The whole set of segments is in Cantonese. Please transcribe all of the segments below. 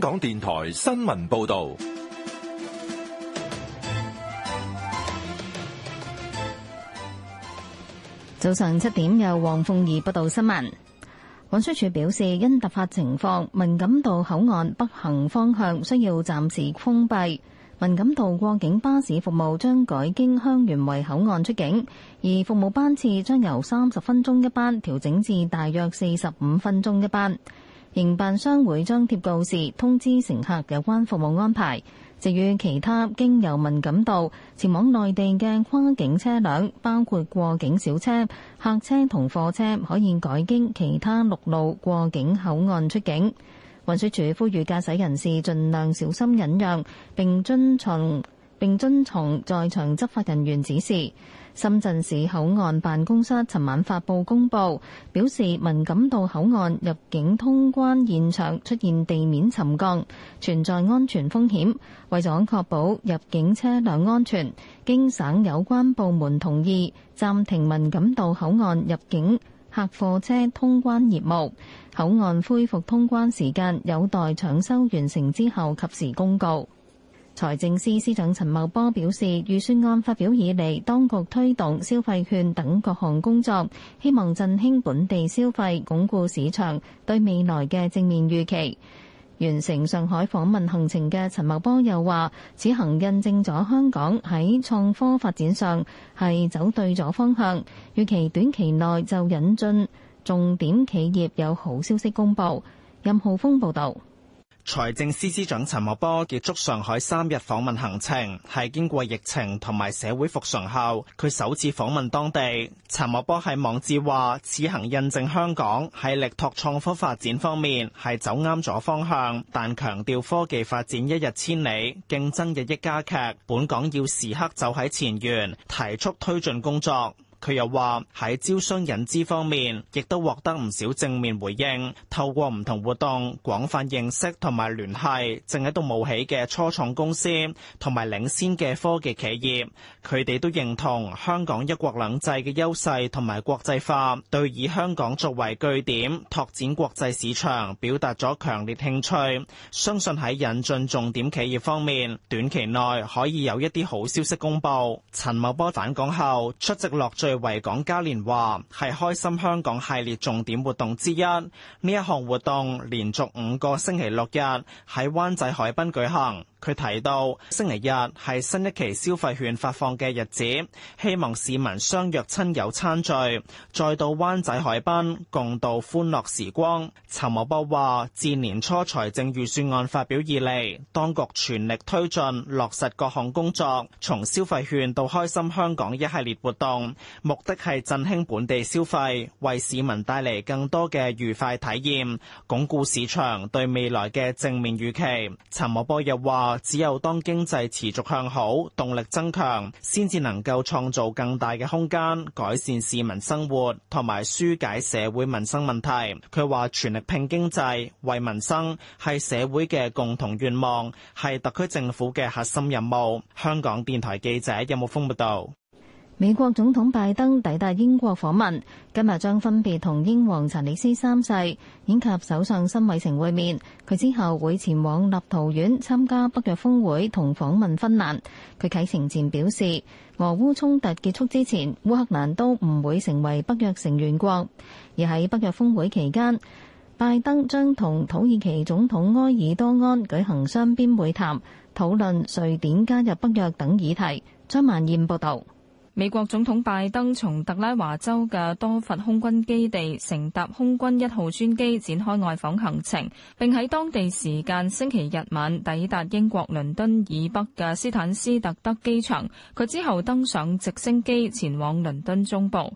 香港電台新聞報道：早上七點由黃鳳儀報道新聞。運輸署表示，因突發情況，文錦渡口岸北行方向需要暫時封閉，文錦渡過境巴士服務將改經香園圍口岸出境，而服務班次將由三十分鐘一班調整至大約四十五分鐘一班。營辦商會張貼告示，通知乘客有關服務安排。至於其他經由文錦渡前往內地嘅跨境車輛，包括過境小車、客車同貨車，可以改經其他陸路過境口岸出境。運輸署呼籲駕駛人士盡量小心忍讓，並遵從並遵從在場執法人員指示。深圳市口岸辦公室尋晚發布公佈，表示文錦渡口岸入境通關現場出現地面沉降，存在安全風險，為咗確保入境車輛安全，經省有關部門同意，暫停文錦渡口岸入境客貨車通關業務。口岸恢復通關時間有待搶修完成之後，及時公告。財政司司長陳茂波表示，預算案發表以嚟，當局推動消費券等各項工作，希望振興本地消費，鞏固市場對未來嘅正面預期。完成上海訪問行程嘅陳茂波又話，此行印證咗香港喺創科發展上係走對咗方向，預期短期內就引進重點企業有好消息公布。任浩峰報道。財政司司長陳茂波結束上海三日訪問行程，係經過疫情同埋社會復常後，佢首次訪問當地。陳茂波喺網誌話，此行印證香港喺力拓創科發展方面係走啱咗方向，但強調科技發展一日千里，競爭日益加劇，本港要時刻走喺前沿，提速推進工作。佢又話喺招商引資方面，亦都獲得唔少正面回應，透過唔同活動廣泛認識同埋聯繫正喺度冒起嘅初創公司同埋領先嘅科技企業，佢哋都認同香港一國兩制嘅優勢同埋國際化，對以香港作為據點拓展國際市場表達咗強烈興趣。相信喺引進重點企業方面，短期內可以有一啲好消息公布，陳茂波返港後出席落最維港嘉年華係開心香港系列重點活動之一，呢一項活動連續五個星期六日喺灣仔海濱舉行。佢提到星期日係新一期消費券發放嘅日子，希望市民相約親友餐聚，再到灣仔海濱共度歡樂時光。陳茂波話自年初財政預算案發表以嚟，當局全力推進落實各項工作，從消費券到開心香港一系列活動目的係振興本地消費，為市民帶嚟更多嘅愉快體驗，鞏固市場對未來嘅正面預期。陳茂波又話。只有當經濟持續向好、動力增強，先至能夠創造更大嘅空間，改善市民生活同埋紓解社會民生問題。佢話：全力拼經濟、惠民生，係社會嘅共同願望，係特區政府嘅核心任務。香港電台記者任木峰報道。美國總統拜登抵達英國訪問，今日將分別同英皇查理斯三世以及首相辛偉誠會面。佢之後會前往立陶宛參加北約峰會同訪問芬蘭。佢啟程前表示，俄烏衝突結束之前，烏克蘭都唔會成為北約成員國。而喺北約峰會期間，拜登將同土耳其總統埃爾多安舉行雙邊會談，討論瑞典加入北約等議題。張萬燕報道。美國總統拜登從特拉華州嘅多佛空軍基地乘搭空軍一號專機展開外訪行程，並喺當地時間星期日晚抵達英國倫敦以北嘅斯坦斯特德機場，佢之後登上直升機前往倫敦中部。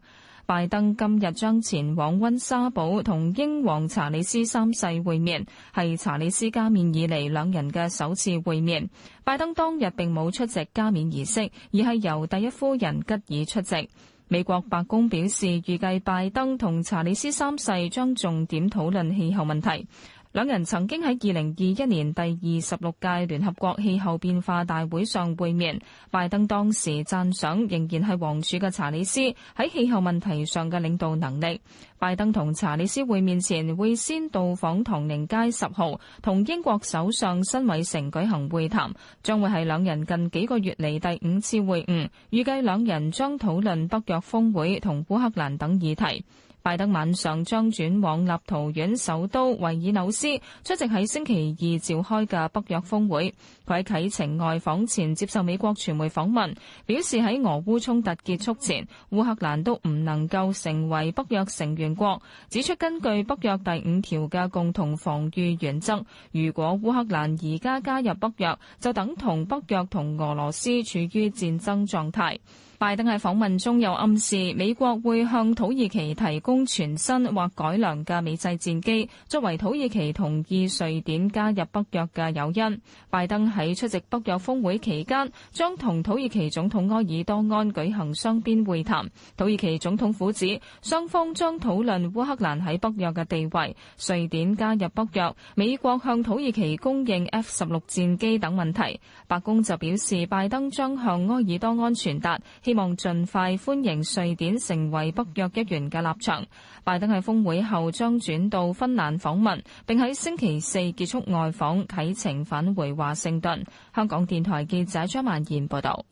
拜登今日將前往溫莎堡同英皇查理斯三世會面，係查理斯加冕以嚟兩人嘅首次會面。拜登當日並冇出席加冕儀式，而係由第一夫人吉爾出席。美國白宮表示，預計拜登同查理斯三世將重點討論氣候問題。兩人曾經喺二零二一年第二十六屆聯合國氣候變化大會上會面，拜登當時讚賞仍然係王儲嘅查理斯喺氣候問題上嘅領導能力。拜登同查理斯會面前會先到訪唐寧街十號，同英國首相辛偉誠舉行會談，將會係兩人近幾個月嚟第五次會晤，預計兩人將討論北約峰會同烏克蘭等議題。拜登晚上將轉往立陶宛首都維爾紐斯，出席喺星期二召開嘅北約峰會。佢喺啟程外訪前接受美國傳媒訪問，表示喺俄烏衝突結束前，烏克蘭都唔能夠成為北約成員國。指出根據北約第五條嘅共同防禦原則，如果烏克蘭而家加入北約，就等同北約同俄羅斯處於戰爭狀態。拜登喺訪問中又暗示，美國會向土耳其提供全新或改良嘅美製戰機，作為土耳其同意瑞典加入北約嘅誘因。拜登喺出席北約峰會期間，將同土耳其總統埃爾多安舉行雙邊會談。土耳其總統府指，雙方將討論烏克蘭喺北約嘅地位、瑞典加入北約、美國向土耳其供應 F 十六戰機等問題。白宮就表示，拜登將向埃爾多安傳達，希望盡快歡迎瑞典成為北約一員嘅立場。拜登喺峰會後將轉到芬蘭訪問，並喺星期四結束外訪，啟程返回華盛頓。香港電台記者張萬賢報導。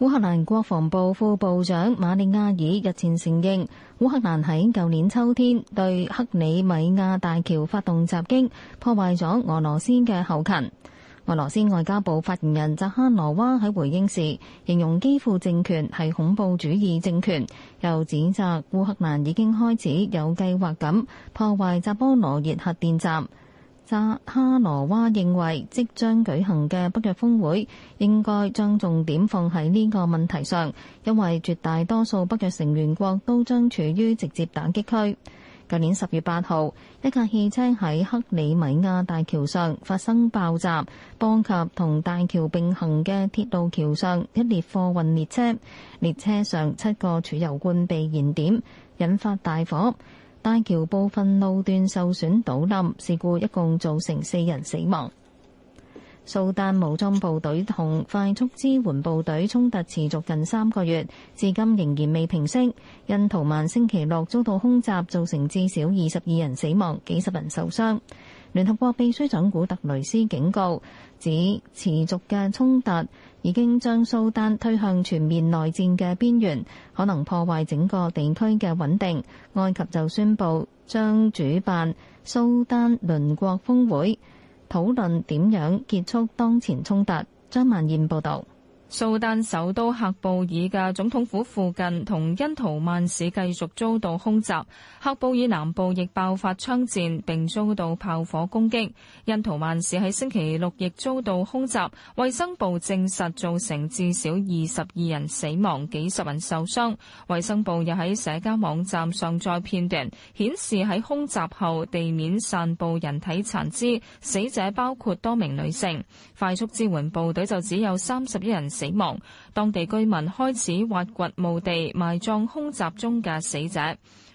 烏克蘭國防部副部長馬利亞爾日前承認，烏克蘭喺舊年秋天對克里米亞大橋發動襲擊，破壞咗俄羅斯嘅後勤。俄羅斯外交部發言人扎哈羅娃喺回應時形容基輔政權係恐怖主義政權，又指責烏克蘭已經開始有計劃咁破壞扎波羅熱核電站。扎哈羅娃認為，即將舉行嘅北約峰會應該將重點放喺呢個問題上，因為絕大多數北約成員國都將處於直接打擊區。去年十月八號，一架汽車喺克里米亞大橋上發生爆炸，波及同大橋並行嘅鐵路橋上一列貨運列車，列車上七個儲油罐被燃點，引發大火。大橋部分路段受損倒冧，事故一共造成四人死亡。蘇丹武裝部隊同快速支援部隊衝突持續近三個月，至今仍然未平息。恩圖曼星期六遭到空襲，造成至少二十二人死亡，幾十人受傷。聯合國秘書長古特雷斯警告，指持續嘅衝突已經將蘇丹推向全面內戰嘅邊緣，可能破壞整個地區嘅穩定。埃及就宣布將主辦蘇丹鄰國峰會。討論點樣結束當前衝突，張萬燕報道。蘇丹首都赫布爾嘅總統府附近同恩圖曼市繼續遭到空襲，赫布爾南部亦爆發槍戰並遭到炮火攻擊。恩圖曼市喺星期六亦遭到空襲，衛生部證實造成至少二十二人死亡、幾十人受傷。衛生部又喺社交網站上載片段，顯示喺空襲後地面散佈人體殘肢，死者包括多名女性。快速支援部隊就只有三十一人死亡，當地居民開始挖掘墓地埋葬空襲中嘅死者。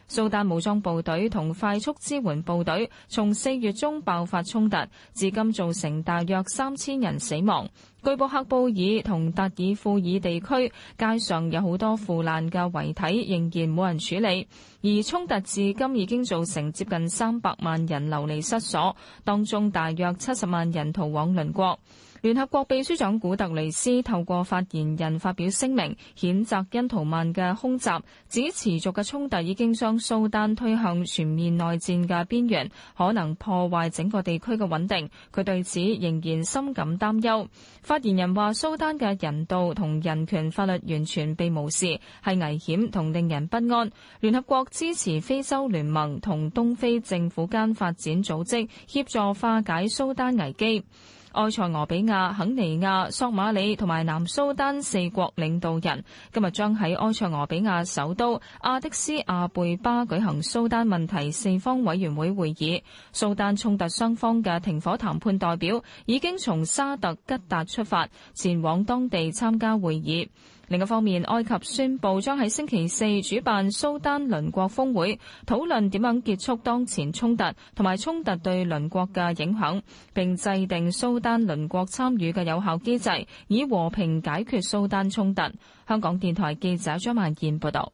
蘇丹武裝部隊同快速支援部隊從四月中爆發衝突，至今造成大約三千人死亡。據報，克布爾同達爾富爾地區街上有好多腐爛嘅遺體，仍然冇人處理。而衝突至今已經造成接近三百萬人流離失所，當中大約七十萬人逃往鄰國。聯合國秘書長古特雷斯透過發言人發表聲明，譴責恩圖曼嘅空襲，指持續嘅衝突已經將蘇丹推向全面內戰嘅邊緣，可能破壞整個地區嘅穩定。佢對此仍然深感擔憂。發言人話：蘇丹嘅人道同人權法律完全被無視，係危險同令人不安。聯合國支持非洲聯盟同東非政府間發展組織協助化解蘇丹危機。埃塞俄比亞、肯尼亞、索馬里同埋南蘇丹四國領導人今日將喺埃塞俄比亞首都阿迪斯阿貝巴舉行蘇丹問題四方委員會會議。蘇丹衝突雙方嘅停火談判代表已經從沙特吉達出發，前往當地參加會議。另一方面，埃及宣布將喺星期四主辦蘇丹鄰國峰會，討論點樣結束當前衝突同埋衝突對鄰國嘅影響，並制定蘇丹鄰國參與嘅有效機制，以和平解決蘇丹衝突。香港電台記者張萬燕報道。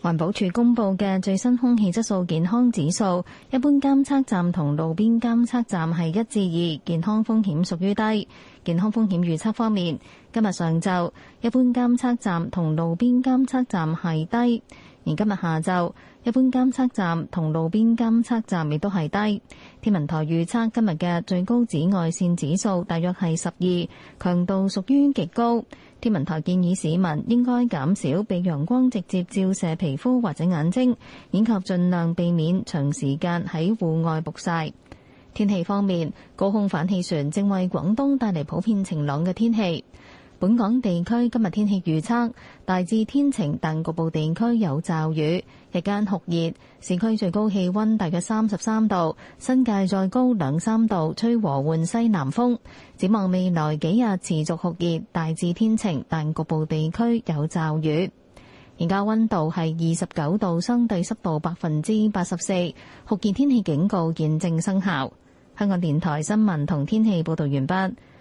環保署公布嘅最新空氣質素健康指數，一般監測站同路邊監測站係一至二，健康風險屬於低。健康風險預測方面，今日上晝，一般監測站同路邊監測站係低，而今日下晝。一般監測站同路邊監測站亦都係低。天文台預測今日嘅最高紫外線指數大約係十二，強度屬於極高。天文台建議市民應該減少被陽光直接照射皮膚或者眼睛，以及盡量避免長時間喺戶外曝曬。天氣方面，高空反氣旋正為廣東帶嚟普遍晴朗嘅天氣。本港地區今日天氣預測，大致天晴，但局部地區有驟雨。日間酷熱，市區最高氣溫大約三十三度，新界再高兩三度，吹和緩西南風。展望未來幾日持續酷熱，大致天晴，但局部地區有驟雨。而家溫度係二十九度，相對濕度百分之八十四，酷熱天氣警告現正生效。香港電台新聞同天氣報道完畢。